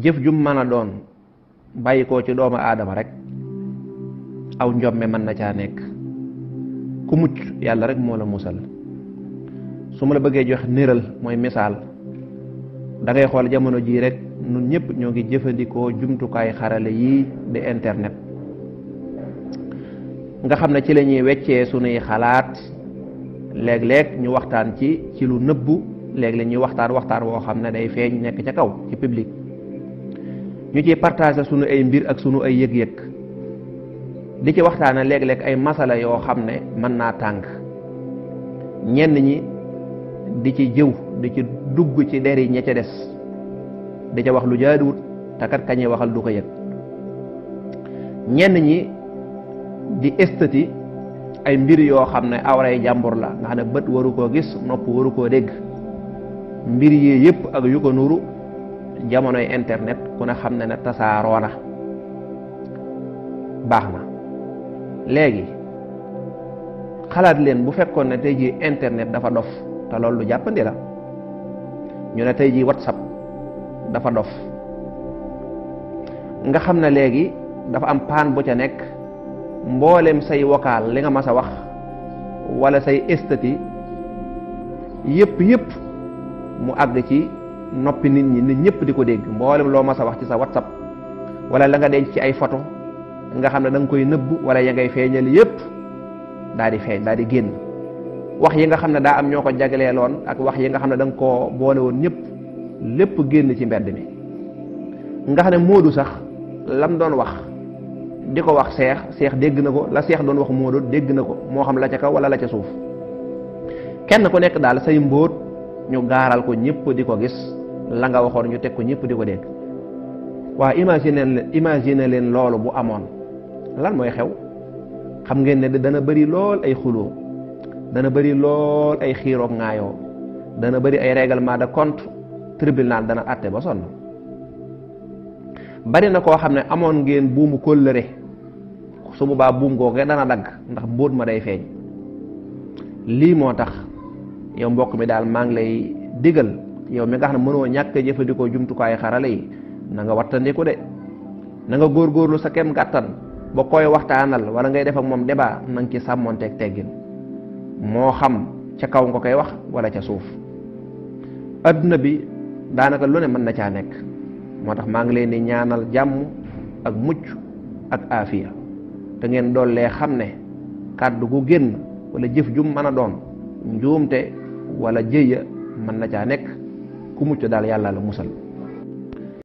jëf jum mën a doon bàyyikoo ci doomu aadama rek aw njomme mën na caa nekk ku mucc yàlla rek moo la musal su ma la bëggee jox niral mooy misaal da xool jamono jii rek ñun ñëpp ñoo ngi jëfandikoo jumtukaay xarala yi di internet nga xam ne ci la ñuy weccee sunuy xalaat léeg-léeg ñu waxtaan ci ci lu nëbbu léeg-léeg ñuy waxtaan waxtaan woo xam ne day feeñ nekk ca kaw ci public. ñu ci partager sunu ay mbir ak sunu ay yëg-yëg di ci waxtaana léeg-léeg ay masala yoo xam ne mën naa tàng ñenn ñi di ci jëw di ci dugg ci deri ña ca des di ca wax lu jaaduwut te kat kañee waxal du ko yëg ñenn ñi di estati ay mbir yoo xam ne awray jàmbur la nga xam ne bët waru koo gis nopp waru koo dégg mbir yi yëpp ak yu ko nuru jamonoy internet ku ne xam ne ne tasaaroo na baax na léegi xalaat leen bu fekkoon ne tey jii internet dafa dof te loolu lu jàppandi la ñu ne tey jii whatsapp dafa dof nga xam ne léegi dafa am paan bu ca nekk mboolem say wokaal li nga mas a wax wala say esthétique yépp yëpp mu àgg ci noppi nit ñi nit ñëpp di ko dégg mboolem loo mas a wax ci sa whatsapp wala la nga denc ci ay photo nga xam ne danga koy nëbb wala ya ngay feeñal yëpp daa di feeñ daa di génn wax yi nga xam ne daa am ñoo ko jagleeloon ak wax yi nga xam ne da koo boole woon ñëpp lépp génn ci mbedd mi nga xam ne Moodu sax lam doon wax di ko wax seex seex dégg na ko la seex doon wax Moodu dégg na ko moo xam la ca kaw wala la ca suuf kenn ku nekk daal say mbóot ñu gaaral ko ñëpp di ko gis la nga waxoon ñu teg ko ñëpp di ko dégg waaw imagine imagine leen loolu bu amoon lan mooy xew xam ngeen ne dana bari lool ay xuloo dana bari lool ay xiiroog ŋaayoo dana bëri ay règlement de compte tribunal dana àtte ba sonn bari na koo xam ne amoon ngeen buumu kóllëre su boobaa buum googee dana dagg ndax mbóot ma day feeñ lii moo tax yow mbokk mi daal maa ngi lay digal yow mi nga xam ne mënoo ñàkk jëfandikoo jumtukaayu xarala yi nanga nga wattandiku de na nga góorlu sa kem gàttan ba koy waxtaanal wala ngay def ak moom débat na nga ci sàmmonteeg teggin moo xam ca kaw nga koy wax wala ca suuf adduna bi daanaka lu ne mën na caa nekk moo tax maa ngi leen di ñaanal jàmm ak mucc ak aafiya te ngeen dollee xam ne kàddu gu génn wala jëf jum mën a doon njuumte wala jëya mën na caa nekk ku mucc daal yàlla la musal